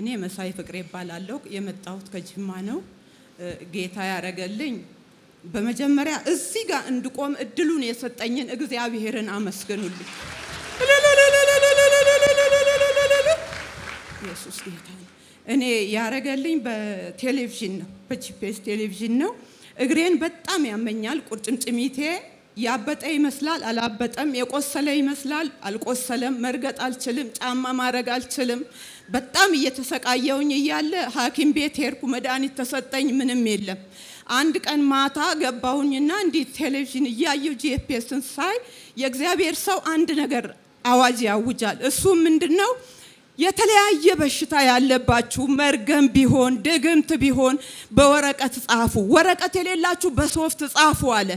እኔ መሳይ ፍቅሬ ይባላለሁ። የመጣሁት ከጅማ ነው። ጌታ ያደረገልኝ በመጀመሪያ እዚህ ጋር እንድቆም እድሉን የሰጠኝን እግዚአብሔርን አመስግኑልኝ። ኢየሱስ ጌታ ነው። እኔ ያደረገልኝ በቴሌቪዥን ነው፣ በጂፒኤስ ቴሌቪዥን ነው። እግሬን በጣም ያመኛል፣ ቁርጭምጭሚቴ ያበጠ ይመስላል አላበጠም፣ የቆሰለ ይመስላል አልቆሰለም፣ መርገጥ አልችልም፣ ጫማ ማድረግ አልችልም። በጣም እየተሰቃየውኝ እያለ ሐኪም ቤት ሄድኩ። መድኃኒት ተሰጠኝ፣ ምንም የለም። አንድ ቀን ማታ ገባሁኝና እንዲህ ቴሌቪዥን እያየሁ ጂፒኤስን ሳይ የእግዚአብሔር ሰው አንድ ነገር አዋጅ ያውጃል። እሱ ምንድን ነው? የተለያየ በሽታ ያለባችሁ መርገም ቢሆን ድግምት ቢሆን በወረቀት ጻፉ። ወረቀት የሌላችሁ በሶፍት ጻፉ አለ።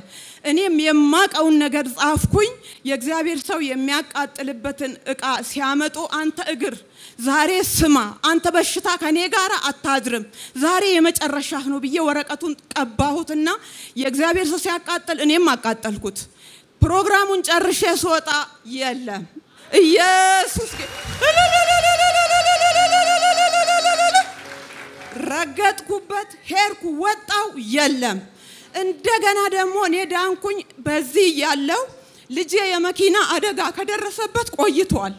እኔም የማቀውን ነገር ጻፍኩኝ። የእግዚአብሔር ሰው የሚያቃጥልበትን እቃ ሲያመጡ አንተ እግር ዛሬ ስማ፣ አንተ በሽታ ከኔ ጋር አታድርም፣ ዛሬ የመጨረሻህ ነው ብዬ ወረቀቱን ቀባሁትና የእግዚአብሔር ሰው ሲያቃጥል እኔም አቃጠልኩት። ፕሮግራሙን ጨርሼ ስወጣ የለም ኢየሱስ ረገጥኩበት፣ ሄድኩ፣ ወጣው፣ የለም። እንደገና ደግሞ እኔ ዳንኩኝ። በዚህ ያለው ልጄ የመኪና አደጋ ከደረሰበት ቆይቷል።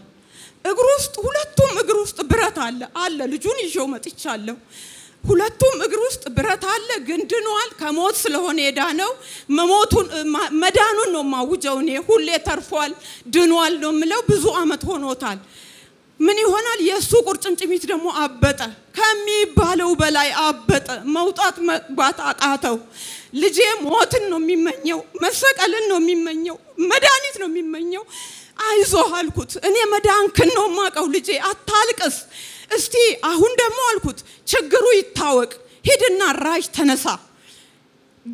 እግር ውስጥ ሁለቱም እግር ውስጥ ብረት አለ አለ ልጁን ይዤው መጥቻለሁ። ሁለቱም እግር ውስጥ ብረት አለ፣ ግን ድኗል። ከሞት ስለሆነ የዳነው መሞቱን መዳኑን ነው ማውጀው። እኔ ሁሌ ተርፏል፣ ድኗል ነው የምለው። ብዙ አመት ሆኖታል። ምን ይሆናል? የእሱ ቁርጭምጭሚት ደግሞ አበጠ፣ ከሚባለው በላይ አበጠ። መውጣት መግባት አቃተው። ልጄ ሞትን ነው የሚመኘው፣ መሰቀልን ነው የሚመኘው፣ መድኃኒት ነው የሚመኘው። አይዞህ አልኩት እኔ መዳንክን ነው ማቀው። ልጄ አታልቅስ እስቲ አሁን ደግሞ አልኩት ችግሩ ይታወቅ፣ ሂድና ራጅ ተነሳ።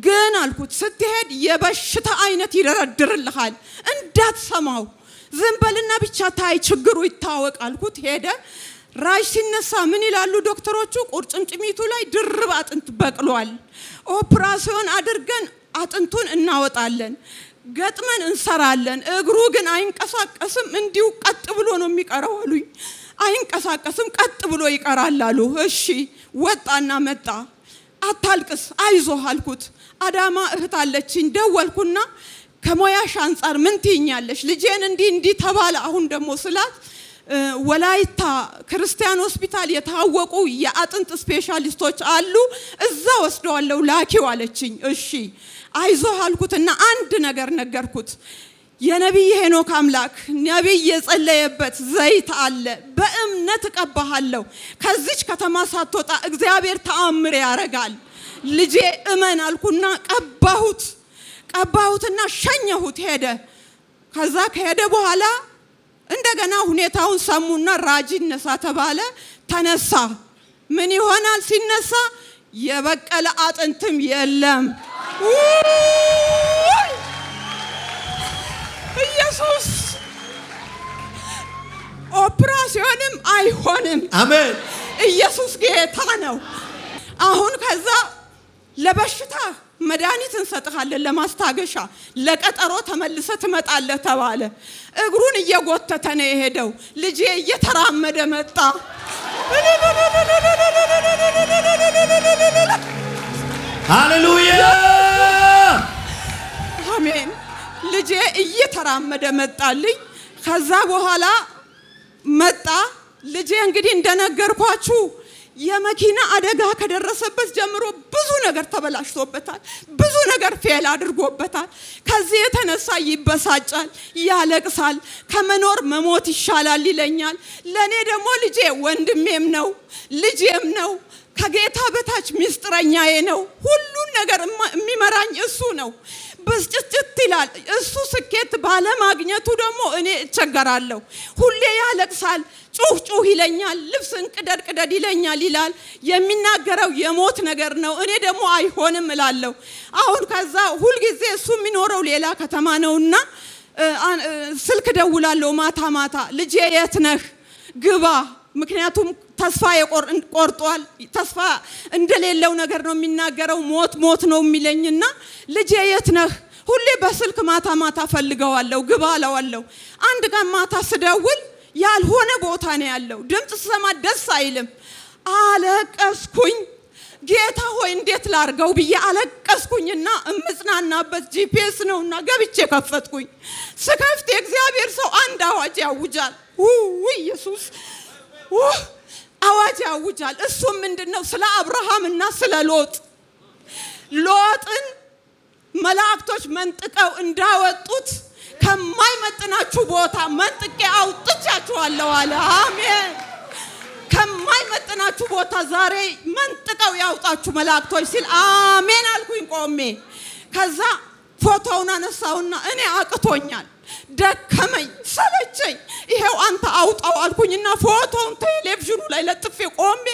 ግን አልኩት ስትሄድ የበሽታ አይነት ይደረድርልሃል፣ እንዳትሰማው ዝም በልና ብቻ ታይ፣ ችግሩ ይታወቅ አልኩት። ሄደ ራጅ ሲነሳ ምን ይላሉ ዶክተሮቹ? ቁርጭምጭሚቱ ላይ ድርብ አጥንት በቅሏል። ኦፕራሲዮን አድርገን አጥንቱን እናወጣለን፣ ገጥመን እንሰራለን። እግሩ ግን አይንቀሳቀስም፣ እንዲሁ ቀጥ ብሎ ነው የሚቀረው አሉኝ። አይንቀሳቀስም፣ ቀጥ ብሎ ይቀራል አሉ። እሺ ወጣና መጣ። አታልቅስ አይዞህ አልኩት። አዳማ እህት አለችኝ። ደወልኩና ከሞያሽ አንጻር ምን ትይኛለሽ? ልጄን እንዲህ እንዲህ ተባለ። አሁን ደግሞ ስላት ወላይታ ክርስቲያን ሆስፒታል የታወቁ የአጥንት ስፔሻሊስቶች አሉ፣ እዛ ወስደዋለሁ ላኪው አለችኝ። እሺ አይዞህ አልኩት እና አንድ ነገር ነገርኩት። የነቢይ ሄኖክ አምላክ ነቢይ የጸለየበት ዘይት አለ። በእምነት እቀባሃለሁ። ከዚች ከተማ ሳትወጣ እግዚአብሔር ተአምር ያረጋል። ልጄ እመን አልኩና ቀባሁት። ቀባሁትና ሸኘሁት። ሄደ። ከዛ ከሄደ በኋላ እንደገና ሁኔታውን ሰሙና ራጂ ይነሳ ተባለ። ተነሳ። ምን ይሆናል ሲነሳ? የበቀለ አጥንትም የለም። ኢየሱስ ኦፕራሲዮንም አይሆንም። አሜን። ኢየሱስ ጌታ ነው። አሁን ከዛ ለበሽታ መድኃኒት እንሰጥሃለን፣ ለማስታገሻ ለቀጠሮ ተመልሰ ትመጣለህ ተባለ። እግሩን እየጎተተ ነው የሄደው። ልጄ እየተራመደ መጣ። ሃሌሉያ እየተራመደ መጣልኝ። ከዛ በኋላ መጣ ልጄ እንግዲህ እንደነገርኳችሁ የመኪና አደጋ ከደረሰበት ጀምሮ ብዙ ነገር ተበላሽቶበታል። ብዙ ነገር ፌል አድርጎበታል። ከዚህ የተነሳ ይበሳጫል፣ ያለቅሳል። ከመኖር መሞት ይሻላል ይለኛል። ለእኔ ደግሞ ልጄ ወንድሜም ነው ልጄም ነው። ከጌታ በታች ሚስጥረኛዬ ነው። ሁሉን ነገር የሚመራኝ እሱ ነው። ብስጭጭት ይላል። እሱ ስኬት ባለማግኘቱ ደግሞ እኔ እቸገራለሁ። ሁሌ ያለቅሳል። ጩህ ጩህ ይለኛል። ልብስን ቅደድ ቅደድ ይለኛል ይላል። የሚናገረው የሞት ነገር ነው። እኔ ደግሞ አይሆንም እላለሁ። አሁን ከዛ ሁልጊዜ እሱ የሚኖረው ሌላ ከተማ ነውና ስልክ ደውላለሁ ማታ ማታ ልጄ የት ነህ ግባ ምክንያቱም ተስፋ ቆርጧል። ተስፋ እንደሌለው ነገር ነው የሚናገረው። ሞት ሞት ነው የሚለኝና ልጄ የት ነህ? ሁሌ በስልክ ማታ ማታ ፈልገዋለሁ፣ ግባ አለዋለሁ። አንድ ቀን ማታ ስደውል ያልሆነ ቦታ ነው ያለው። ድምፅ ስሰማ ደስ አይልም። አለቀስኩኝ። ጌታ ሆይ እንዴት ላርገው ብዬ አለቀስኩኝና እምጽናናበት ጂፒኤስ ነውና ገብቼ ከፈትኩኝ። ስከፍት የእግዚአብሔር ሰው አንድ አዋጅ ያውጃል። ውይ ኢየሱስ አዋጅ ያውጃል። እሱ ምንድን ነው? ስለ አብርሃም እና ስለ ሎጥ ሎጥን መላእክቶች መንጥቀው እንዳወጡት ከማይመጥናችሁ ቦታ መንጥቄ አውጥቻችኋለሁ አለ። አሜን። ከማይመጥናችሁ ቦታ ዛሬ መንጥቀው ያውጣችሁ መላእክቶች ሲል አሜን አልኩኝ ቆሜ። ከዛ ፎቶውን አነሳውና እኔ አቅቶኛል ደከመኝ፣ ሰለቸኝ፣ ይሄው አንተ አውጣው አልኩኝና ፎቶን ቴሌቪዥኑ ላይ ለጥፌ ቆሜ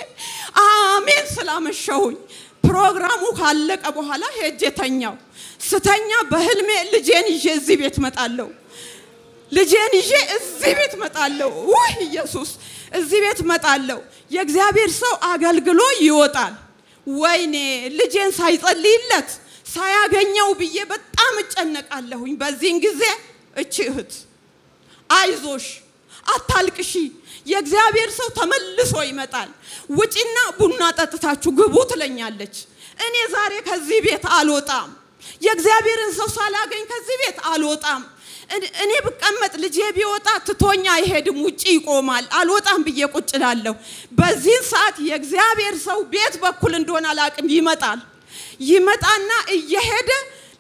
አሜን ስላመሸሁኝ ፕሮግራሙ ካለቀ በኋላ ሄጄ ተኛው። ስተኛ በህልሜ ልጄን ይዤ እዚህ ቤት መጣለሁ፣ ልጄን ይዤ እዚህ ቤት መጣለሁ። ውህ ኢየሱስ፣ እዚህ ቤት መጣለሁ። የእግዚአብሔር ሰው አገልግሎ ይወጣል። ወይኔ ልጄን ሳይጸልይለት ሳያገኘው ብዬ በጣም እጨነቃለሁኝ በዚህን ጊዜ እቺ እህት አይዞሽ፣ አታልቅሺ፣ የእግዚአብሔር ሰው ተመልሶ ይመጣል፣ ውጪና ቡና ጠጥታችሁ ግቡ ትለኛለች። እኔ ዛሬ ከዚህ ቤት አልወጣም፣ የእግዚአብሔርን ሰው ሳላገኝ ከዚህ ቤት አልወጣም። እኔ ብቀመጥ ልጄ ቢወጣ ትቶኛ አይሄድም፣ ውጪ ይቆማል። አልወጣም ብዬ ቁጭ እላለሁ። በዚህን ሰዓት የእግዚአብሔር ሰው ቤት በኩል እንደሆነ አላቅም፣ ይመጣል ይመጣና እየሄደ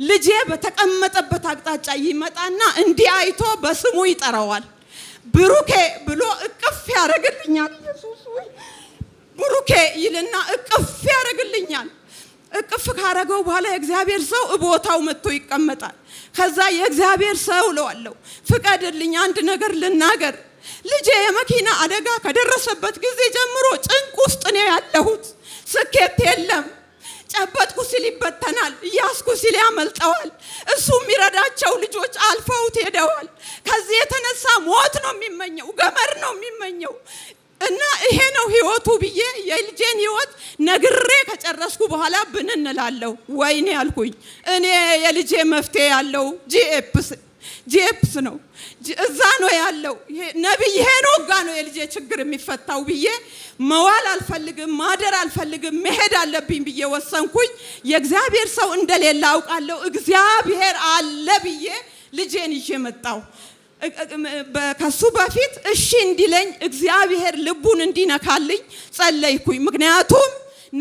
ልጄ በተቀመጠበት አቅጣጫ ይመጣና እንዲህ አይቶ በስሙ ይጠራዋል። ብሩኬ ብሎ እቅፍ ያደርግልኛል። ብሩኬ ይልና እቅፍ ያደርግልኛል። እቅፍ ካረገው በኋላ የእግዚአብሔር ሰው እቦታው መጥቶ ይቀመጣል። ከዛ የእግዚአብሔር ሰው እለዋለሁ፣ ፍቀድልኝ፣ አንድ ነገር ልናገር። ልጄ የመኪና አደጋ ከደረሰበት ጊዜ ጀምሮ ጭንቅ ውስጥ ነው ያለሁት። ስኬት የለም ጨበጥኩ ሲል ይበተናል፣ እያስኩ ሲል ያመልጠዋል። እሱ የሚረዳቸው ልጆች አልፈውት ሄደዋል። ከዚህ የተነሳ ሞት ነው የሚመኘው፣ ገመድ ነው የሚመኘው እና ይሄ ነው ህይወቱ ብዬ የልጄን ህይወት ነግሬ ከጨረስኩ በኋላ ብንን እላለሁ። ወይኔ ያልኩኝ እኔ የልጄ መፍትሄ ያለው ጂኤፕስ ጄፕስ ነው እዛ ነው ያለው ነቢይ ሄኖክ ጋ ነው የልጄ ችግር የሚፈታው ብዬ መዋል አልፈልግም፣ ማደር አልፈልግም፣ መሄድ አለብኝ ብዬ ወሰንኩኝ። የእግዚአብሔር ሰው እንደሌለ አውቃለሁ። እግዚአብሔር አለ ብዬ ልጄን ይዤ መጣው። ከሱ በፊት እሺ እንዲለኝ እግዚአብሔር ልቡን እንዲነካልኝ ጸለይኩኝ። ምክንያቱም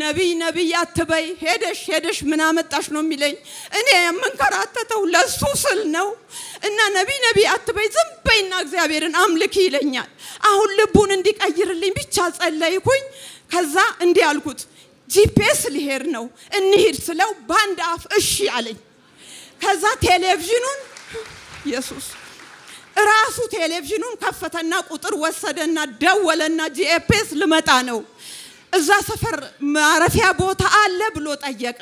ነቢይ ነቢይ አትበይ፣ ሄደሽ ሄደሽ ምናመጣሽ ነው የሚለኝ። እኔ የምንከራተተው ለሱ ስል ነው። እና ነቢይ ነቢይ አትበይ፣ ዝም በይና እግዚአብሔርን አምልክ ይለኛል። አሁን ልቡን እንዲቀይርልኝ ብቻ ጸለይኩኝ። ከዛ እንዲህ አልኩት፣ ጂፒኤስ ሊሄድ ነው እንሂድ ስለው በአንድ አፍ እሺ አለኝ። ከዛ ቴሌቪዥኑን ኢየሱስ ራሱ ቴሌቪዥኑን ከፈተና ቁጥር ወሰደና ደወለና ጂፒኤስ ልመጣ ነው እዛ ሰፈር ማረፊያ ቦታ አለ ብሎ ጠየቀ።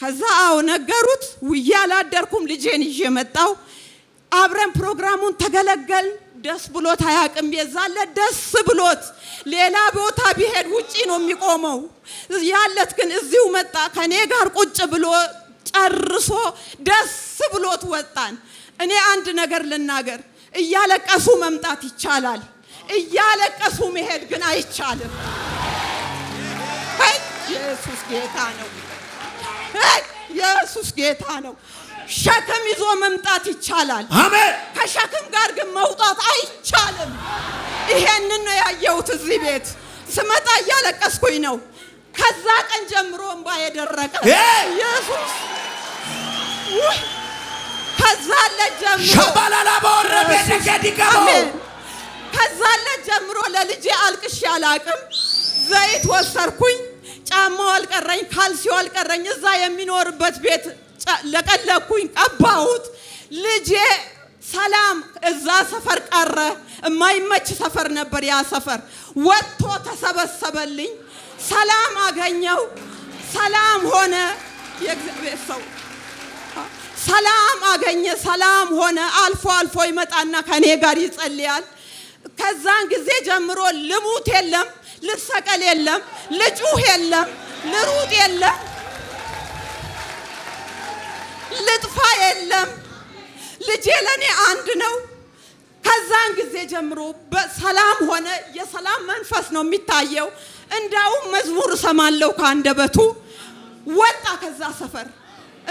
ከዛ አዎ ነገሩት። ውዬ አላደርኩም ልጄን ይዤ መጣው። አብረን ፕሮግራሙን ተገለገል። ደስ ብሎት አያውቅም። የዛለ ደስ ብሎት ሌላ ቦታ ቢሄድ ውጪ ነው የሚቆመው። ያለት ግን እዚሁ መጣ። ከኔ ጋር ቁጭ ብሎ ጨርሶ ደስ ብሎት ወጣን። እኔ አንድ ነገር ልናገር፣ እያለቀሱ መምጣት ይቻላል፣ እያለቀሱ መሄድ ግን አይቻልም። ኢየሱስ ጌታ ነው። ኢየሱስ ጌታ ነው። ሸክም ይዞ መምጣት ይቻላል። ከሸክም ጋር ግን መውጣት አይቻልም። ይሄንን ነው ያየሁት። እዚህ ቤት ስመጣ እያለቀስኩኝ ነው። ከዛ ቀን ጀምሮ እንባ የደረቀ ኢየሱስ ከዛ ዕለት ጀምሮ ለልጄ አልቅሼ አላቅም። ዘይት ወሰርኩኝ ጫማው አልቀረኝ፣ ካልሲው አልቀረኝ። እዛ የሚኖርበት ቤት ለቀለኩኝ፣ ቀባሁት። ልጄ ሰላም እዛ ሰፈር ቀረ። የማይመች ሰፈር ነበር ያ ሰፈር። ወጥቶ ተሰበሰበልኝ፣ ሰላም አገኘው፣ ሰላም ሆነ። የእግዚአብሔር ሰው ሰላም አገኘ፣ ሰላም ሆነ። አልፎ አልፎ ይመጣና ከእኔ ጋር ይጸልያል። ከዛን ጊዜ ጀምሮ ልሙት የለም ልሰቀል የለም፣ ልጩህ የለም፣ ልሩጥ የለም፣ ልጥፋ የለም። ልጄ ለእኔ አንድ ነው። ከዛን ጊዜ ጀምሮ በሰላም ሆነ። የሰላም መንፈስ ነው የሚታየው። እንዳውም መዝሙር እሰማለሁ ከአንደበቱ ወጣ ከዛ ሰፈር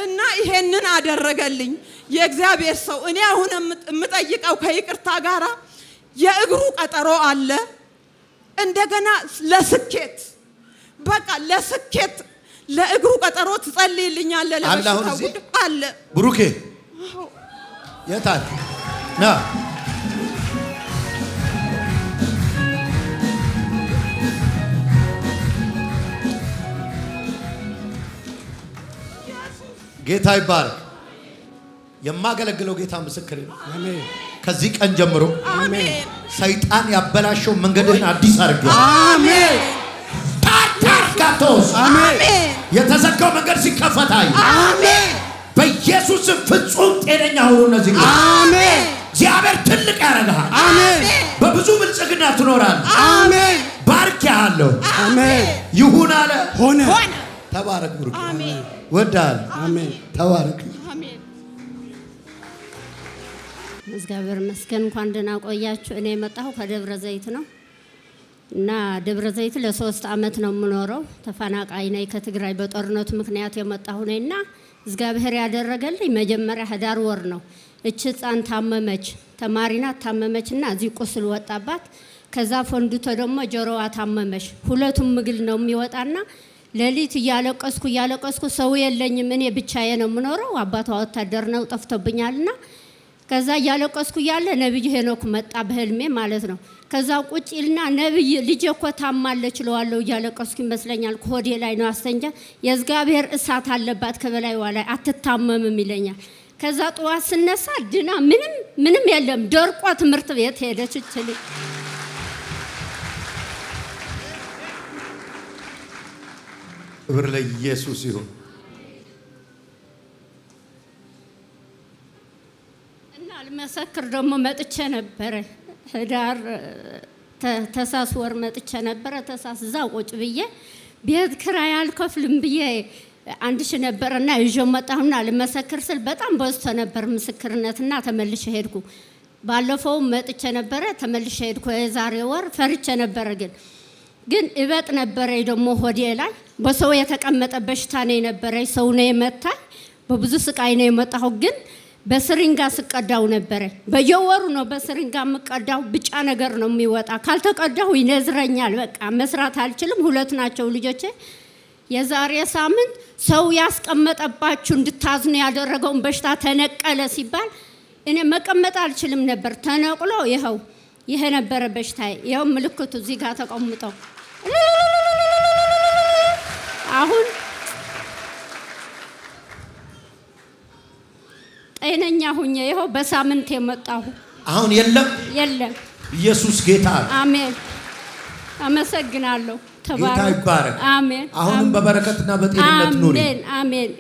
እና ይሄንን አደረገልኝ የእግዚአብሔር ሰው። እኔ አሁን የምጠይቀው ከይቅርታ ጋራ የእግሩ ቀጠሮ አለ እንደገና ለስኬት በቃ ለስኬት ለእግሩ ቀጠሮ ትጸልይልኛለህ። ለበሽታው ጉድ አለ። ብሩኬ የታል ና ጌታ ይባረክ። የማገለግለው ጌታ ምስክር ነው። ከዚህ ቀን ጀምሮ ሰይጣን ያበላሸው መንገድህን አዲስ አድርግ። አሜን። ታታርካቶስ አሜን። የተዘጋው መንገድ ሲከፈታይ አሜን። በኢየሱስ ፍጹም ጤነኛ ሁኑ። እነዚህ አሜን። እግዚአብሔር ትልቅ ያደርግሃል። አሜን። በብዙ ብልጽግና ትኖራለህ። አሜን። ባርክ ያለሁ አሜን። ይሁን አለ ሆነ። ተባረክ። ብሩክ ወዳል። አሜን። ተባረክ። እግዚአብሔር ይመስገን። እንኳን ደህና ቆያችሁ። እኔ የመጣሁ ከደብረ ዘይት ነው እና ደብረ ዘይት ለሶስት አመት ነው የምኖረው። ተፈናቃይ ነኝ። ከትግራይ በጦርነቱ ምክንያት የመጣሁ ነኝ እና እግዚአብሔር ያደረገልኝ መጀመሪያ ህዳር ወር ነው። እች ህፃን ታመመች፣ ተማሪናት ታመመች እና እዚህ ቁስል ወጣባት። ከዛ ፈንዱቶ ደግሞ ጆሮዋ ታመመች። ሁለቱም ምግል ነው የሚወጣና ሌሊት እያለቀስኩ እያለቀስኩ ሰው የለኝም እኔ ብቻዬ ነው የምኖረው። አባቷ ወታደር ነው ጠፍቶብኛልና ከዛ እያለቀስኩ እያለ ነብይ ሄኖክ መጣ በህልሜ ማለት ነው። ከዛ ቁጭ ይልና ነብይ ልጄ እኮ ታማለች እለዋለሁ። እያለቀስኩ ይመስለኛል ከሆዴ ላይ ነው አስተንጃ የእግዚአብሔር እሳት አለባት ከበላይ ላይ አትታመምም ይለኛል። ከዛ ጠዋት ስነሳ ድና ምንም ምንም የለም ደርቆ ትምህርት ቤት ሄደች እችል ክብር ለኢየሱስ ይሁን። እና አልመሰክር ደግሞ መጥቼ ነበረ ህዳር ተሳስ ወር መጥቼ ነበረ። ተሳስ እዛ ቁጭ ብዬ ቤት ኪራይ አልከፍልም ብዬ አንድ ሺህ ነበረና ይዤ መጣሁና ልመሰክር ስል በጣም በዝቶ ነበር ምስክርነትና ተመልሼ ሄድኩ። ባለፈው መጥቼ ነበረ ተመልሼ ሄድኩ። የዛሬ ወር ፈርቼ ነበረ ግን ግን እበጥ ነበረ ደግሞ ሆዴ ላይ በሰው የተቀመጠ በሽታ ነው የነበረ ሰው ነው የመታኝ። በብዙ ስቃይ ነው የመጣሁ ግን በስሪንጋ ስቀዳው ነበረ። በየወሩ ነው በስሪንጋ የምቀዳው። ብጫ ነገር ነው የሚወጣ። ካልተቀዳሁ ይነዝረኛል። በቃ መስራት አልችልም። ሁለት ናቸው ልጆቼ። የዛሬ ሳምንት ሰው ያስቀመጠባችሁ እንድታዝኑ ያደረገውን በሽታ ተነቀለ ሲባል እኔ መቀመጥ አልችልም ነበር። ተነቅሎ ይኸው ይሄ ነበረ በሽታ። ይኸው ምልክቱ እዚህ ጋር ተቀምጠው አሁን ጤነኛ ሁኜ ይኸው በሳምንት የመጣሁ አሁን የለም የለም። ኢየሱስ ጌታ አሜን። አመሰግናለሁ። ጌታ ይባረክ። አሜን። አሁንም በበረከትና በጤንነት ኑሪ። አሜን።